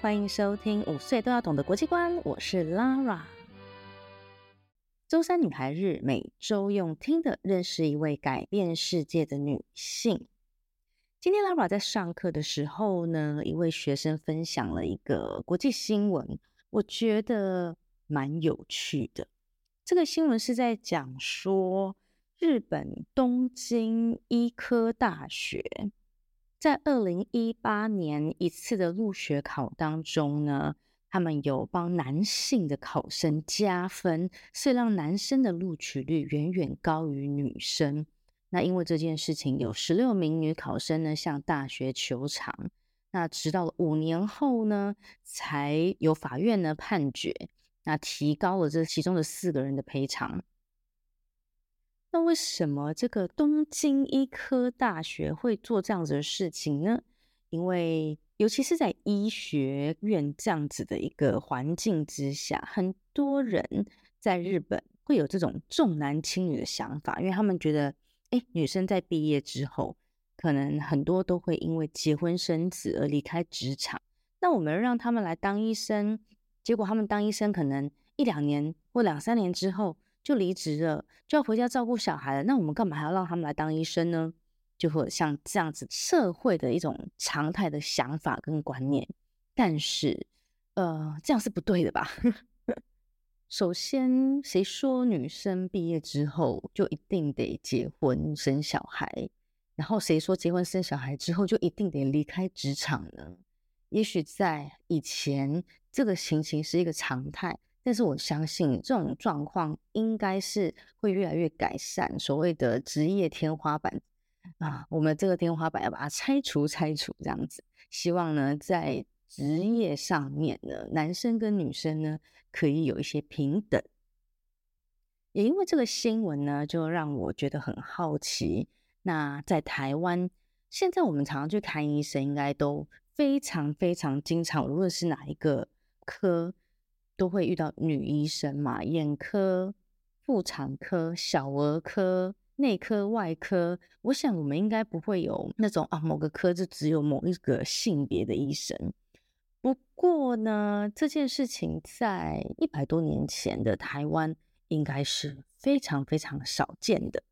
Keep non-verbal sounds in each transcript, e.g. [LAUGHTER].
歡迎收聽《五歲都要懂的國際觀》，我是 Lara。週三女孩日，每周用聽的，認識一位改變世界的女性。今天 Lara 在上課的時候呢，一位學生分享了一個國際新聞，我覺得蠻有趣的。這個新聞是在講說日本東京醫科大學，在二零一八年一次的入學考當中呢，他們有幫男性的考生加分，是讓男生的錄取率遠遠高於女生。那因為這件事情，有十六名女考生呢向大學求償。那直到了五年後呢，才有法院呢判決，那提高了這其中的四個人的賠償。那為什麼這個東京醫科大學會做這樣子的事情呢？因為尤其是在醫學院這樣子的一個環境之下，很多人在日本會有這種重男輕女的想法，因為他們覺得，哎，女生在畢業之後，可能很多都會因為結婚生子而離開職場。那我們讓他們來當醫生，結果他們當醫生，可能一兩年或兩三年之後。就離職了，就要回家照顧小孩了。那我們幹嘛還要讓他們來當醫生呢？就會有像這樣子，社會的一種常態的想法跟觀念。但是，呃，這樣是不對的吧？ [LAUGHS] 首先，誰說女生畢業之後就一定得結婚生小孩？然後，誰說結婚生小孩之後就一定得離開職場呢？也許在以前，這個情形是一個常態。但是我相信這種狀況應該是會越來越改善。所謂的職業天花板啊，我們這個天花板要把它拆除、拆除這樣子。希望呢，在職業上面呢，男生跟女生呢可以有一些平等。也因為這個新聞呢，就讓我覺得很好奇。那在台灣，現在我們常常去看醫生，應該都非常、非常經常，無論是哪一個科。都會遇到女醫生嘛，眼科、婦產科、小兒科、內科、外科，我想我們應該不會有那種啊，某個科就只有某一個性別的醫生。不過呢，這件事情在一百多年前的台灣，應該是非常非常少見的。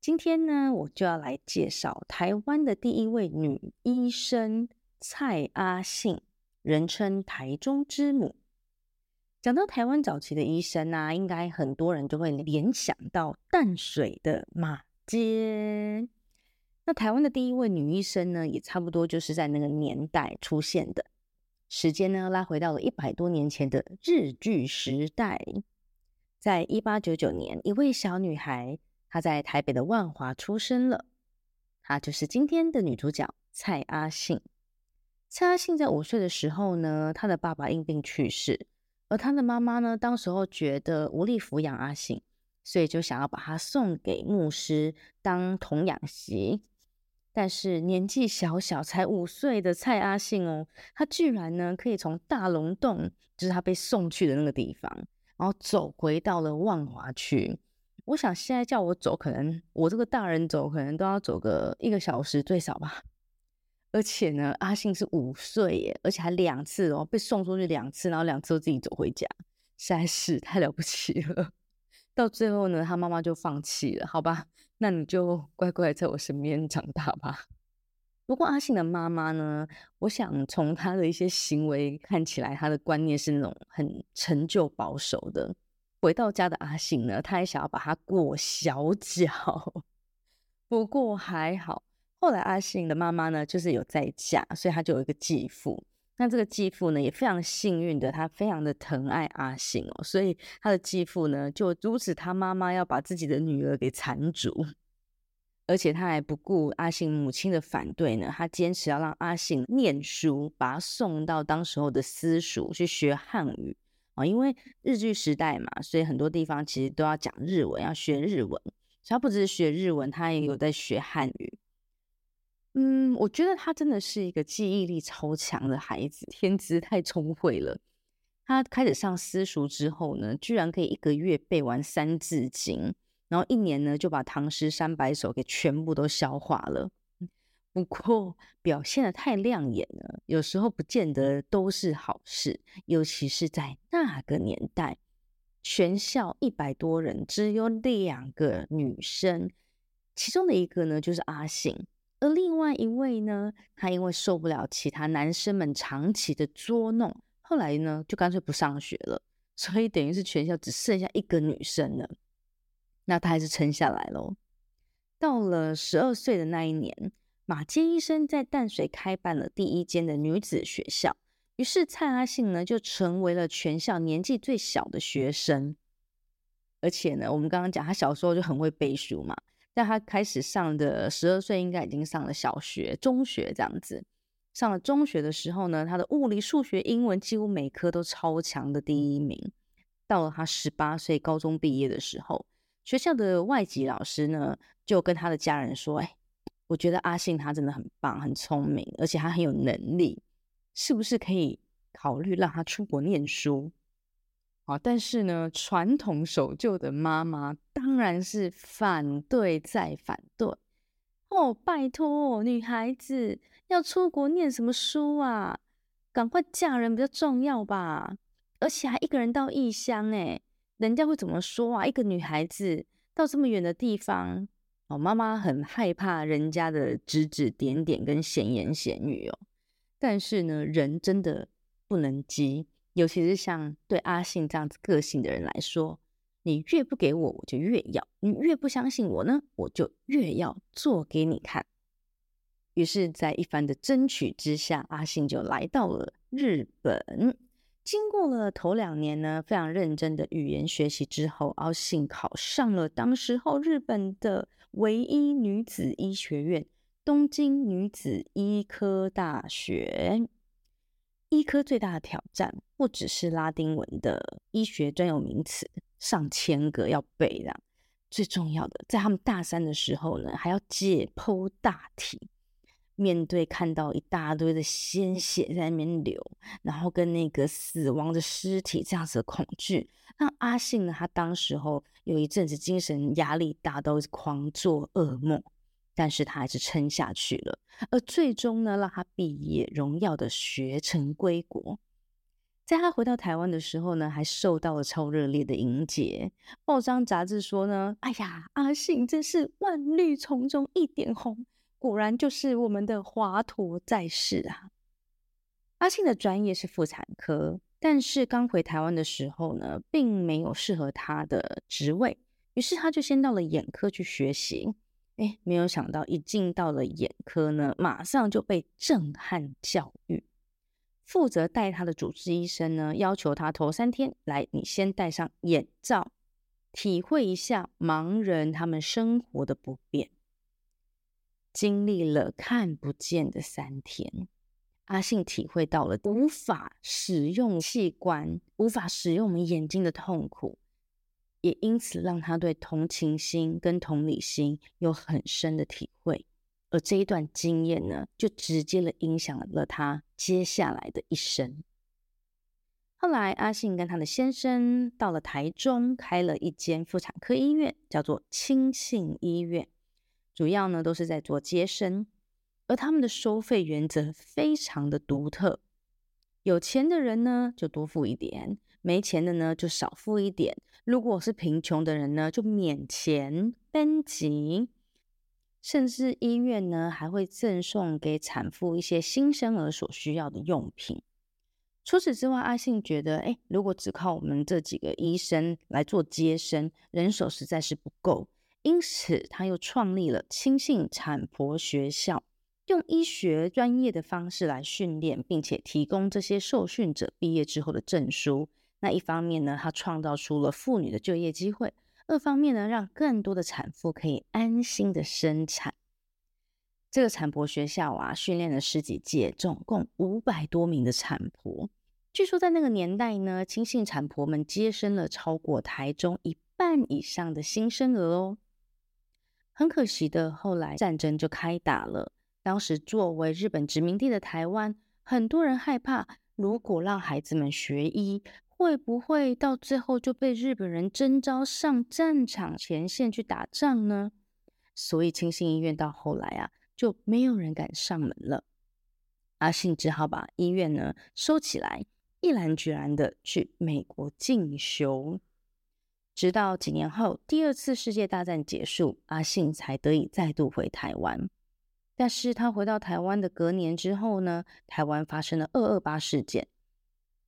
今天呢，我就要來介紹台灣的第一位女醫生蔡阿信。人稱“台中之母”。講到台灣早期的醫生呢、啊，應該很多人就會聯想到淡水的馬偕。那台灣的第一位女醫生呢，也差不多就是在那個年代出現的。時間呢，拉回到了一百多年前的日據時代。在一八九九年，一位小女孩，她在台北的萬華出生了，她就是今天的女主角蔡阿信。蔡阿信在五歲的時候呢，他的爸爸因病去世，而他的媽媽呢，當時候覺得無力撫養阿信，所以就想要把他送給牧師當童養媳。但是年紀小小才五歲的蔡阿信哦，他居然呢，可以從大龍洞，就是他被送去的那個地方，然後走回到了萬華區。我想現在叫我走，可能我這個大人走，可能都要走個一個小時最少吧。而且呢，阿信是五歲耶，而且還兩次哦，被送出去兩次，然後兩次都自己走回家，實在是太了不起了。到最後呢，她媽媽就放棄了，好吧，那你就乖乖在我身邊長大吧。不過阿信的媽媽呢，我想從她的一些行為看起來，她的觀念是那種很陳舊保守的。回到家的阿信呢，她還想要把他裹小腳，不過還好。後來阿信的媽媽呢，就是有再嫁，所以他就有一個繼父。那這個繼父呢，也非常幸運的，他非常的疼愛阿信哦，所以他的繼父呢，就阻止他媽媽要把自己的女兒給纏足，而且他還不顧阿信母親的反對呢，他堅持要讓阿信念書，把他送到當時候的私塾去學漢語啊、哦，因為日據時代嘛，所以很多地方其實都要講日文，要學日文。所以他不只是學日文，他也有在學漢語。我覺得他真的是一個記憶力超強的孩子，天資太聰慧了。他開始上私塾之後呢，居然可以一個月背完《三字經》，然後一年呢就把《唐詩三百首》給全部都消化了。不過表現得太亮眼了，有時候不見得都是好事，尤其是在那個年代，全校一百多人只有兩個女生，其中的一個呢就是阿信。而另外一位呢，他因為受不了其他男生們長期的捉弄，後來呢就乾脆不上學了，所以等於是全校只剩下一個女生了。那他還是撐下來嘍。到了十二歲的那一年，馬偕醫生在淡水開辦了第一間的女子學校，於是蔡阿信呢就成為了全校年紀最小的學生。而且呢，我們剛剛講他小時候就很會背書嘛。在他開始上的十二歲，應該已經上了小學、中學這樣子。上了中學的時候呢，他的物理、數學、英文幾乎每科都超強的第一名。到了他十八歲高中畢業的時候，學校的外籍老師呢就跟他的家人說：“哎，我覺得阿信他真的很棒，很聰明，而且他很有能力，是不是可以考慮讓他出國念書？”但是呢，傳統守舊的媽媽當然是反對再反對哦。拜託哦，女孩子要出國念什麼書啊？趕快嫁人比較重要吧。而且還一個人到異鄉，哎，人家會怎麼說啊？一個女孩子到這麼遠的地方，哦，媽媽很害怕人家的指指點點跟閒言閒語哦。但是呢，人真的不能急。尤其是像對阿信這樣子個性的人來說，你越不給我，我就越要；你越不相信我呢，我就越要做給你看。於是，在一番的爭取之下，阿信就來到了日本。經過了頭兩年呢，非常認真的語言學習之後，阿信考上了當時候日本的唯一女子醫學院——東京女子醫科大學。醫科最大的挑戰不只是拉丁文的醫學專有名詞上千個要背這樣，最重要的，在他們大三的時候呢，還要解剖大體，面對看到一大堆的鮮血在那邊流，然後跟那個死亡的屍體這樣子的恐懼，那阿信呢，他當時候有一陣子精神壓力大到狂做噩夢。但是他還是撐下去了，而最終呢，讓他畢業榮耀的學成歸國。在他回到台灣的時候呢，還受到了超熱烈的迎接。報章雜誌說呢：“哎呀，阿信真是萬綠叢中一點紅，果然就是我們的華佗在世啊！”阿信的專業是婦產科，但是剛回台灣的時候呢，並沒有適合他的職位，於是他就先到了眼科去學習。哎，沒有想到一進到了眼科呢，馬上就被震撼教育。負責帶他的主治醫生呢，要求他頭三天來，你先戴上眼罩，體會一下盲人他們生活的不便。經歷了看不見的三天，阿信體會到了無法使用器官、無法使用我們眼睛的痛苦。也因此讓他對同情心跟同理心有很深的體會，而這一段經驗呢，就直接的影響了他接下來的一生。後來，阿信跟他的先生到了台中，開了一間婦產科醫院，叫做清信醫院，主要呢都是在做接生，而他們的收費原則非常的獨特，有錢的人呢就多付一點。沒錢的呢，就少付一點；如果是貧窮的人呢，就免錢分級。甚至醫院呢，還會贈送給產婦一些新生兒所需要的用品。除此之外，阿信覺得，誒，如果只靠我們這幾個醫生來做接生，人手實在是不夠。因此，他又創立了清信產婆學校，用醫學專業的方式來訓練，並且提供這些受訓者畢業之後的證書。那一方面呢，他創造出了婦女的就業機會；二方面呢，讓更多的產婦可以安心的生產。這個產婆學校啊，訓練了十幾屆，總共五百多名的產婆。據說在那個年代呢，阿信產婆們接生了超過台中一半以上的新生兒哦。很可惜的，後來戰爭就開打了。當時作為日本殖民地的台灣，很多人害怕，如果讓孩子們學醫。會不會到最後就被日本人徵召上戰場前線去打仗呢？所以清信醫院到後來啊，就沒有人敢上門了。阿信只好把醫院呢收起來，毅然決然的去美國進修。直到幾年後，第二次世界大戰結束，阿信才得以再度回台灣。但是他回到台灣的隔年之後呢，台灣發生了二二八事件。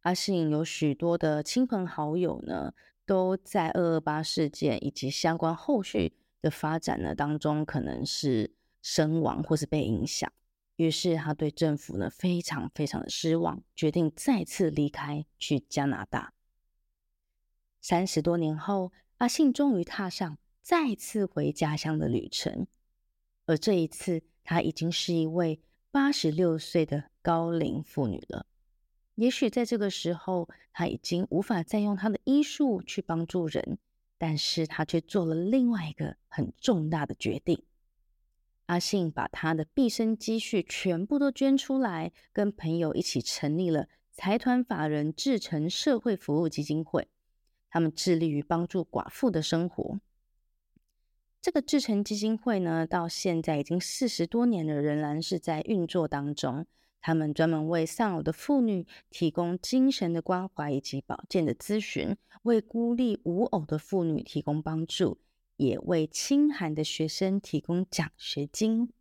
阿信有許多的親朋好友呢，都在二二八事件以及相關後續的發展呢當中，可能是身亡或是被影響。於是他對政府呢非常非常的失望，決定再次離開去加拿大。三十多年後，阿信終於踏上再次回家鄉的旅程，而這一次，他已經是一位八十六歲的高齡婦女了。也許在這個時候，他已經無法再用他的醫術去幫助人，但是他卻做了另外一個很重大的決定。阿信把他的畢生積蓄全部都捐出來，跟朋友一起成立了財團法人至誠社會服務基金會。他們致力於幫助寡婦的生活。這個至誠基金會呢，到現在已經四十多年了，仍然是在運作當中。他們專門為喪偶的婦女提供精神的關懷以及保健的諮詢，為孤立無偶的婦女提供幫助，也為清寒的學生提供獎學金。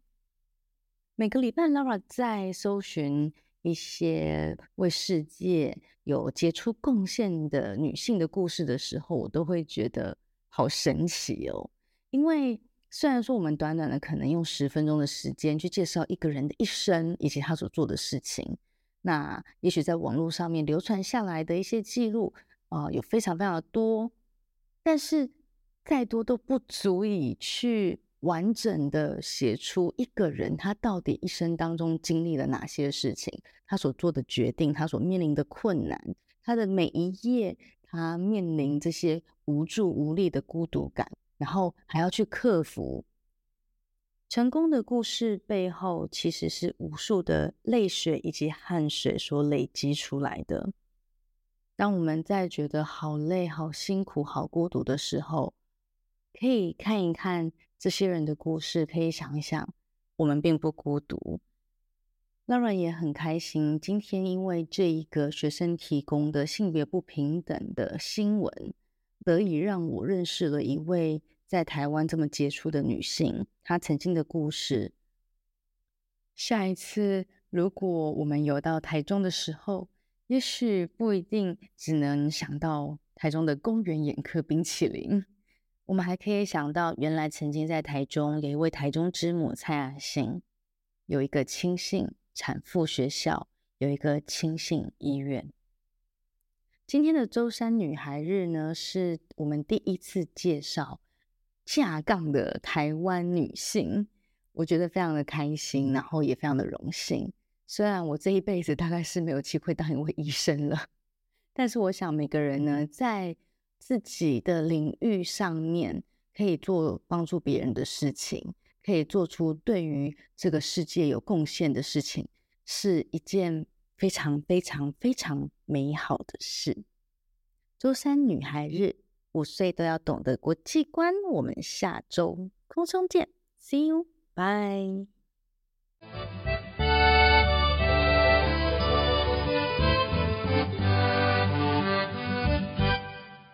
每個禮拜，Lara 在搜尋一些為世界有傑出貢獻的女性的故事的時候，我都會覺得好神奇哦，因為。雖然說我們短短的可能用十分鐘的時間去介紹一個人的一生以及他所做的事情，那也許在網絡上面流傳下來的一些記錄啊、呃，有非常非常的多，但是再多都不足以去完整的寫出一個人他到底一生當中經歷了哪些事情，他所做的決定，他所面臨的困難，他的每一頁，他面臨這些無助無力的孤獨感。然後還要去克服。成功的故事背後，其實是無數的淚水以及汗水所累積出來的。當我們在覺得好累、好辛苦、好孤獨的時候，可以看一看這些人的故事，可以想一想，我們並不孤獨。Lara 也很開心，今天因為這一個學生提供的性別不平等的新聞。得以讓我認識了一位在台灣這麼傑出的女性，她曾經的故事。下一次如果我們有到台中的時候，也許不一定只能想到台中的公園眼科冰淇淋，我們還可以想到原來曾經在台中有一位台中之母蔡阿信，有一個清信產婦學校，有一個清信醫院。今天的週三女孩日呢，是我們第一次介紹架槓的台灣女性，我覺得非常的開心，然後也非常的榮幸。雖然我這一輩子大概是沒有機會當一位醫生了，但是我想每個人呢，在自己的領域上面可以做幫助別人的事情，可以做出對於這個世界有貢獻的事情，是一件。非常非常非常美好的事！週三女孩日，五歲都要懂的國際觀。我們下週空中見，See you，bye。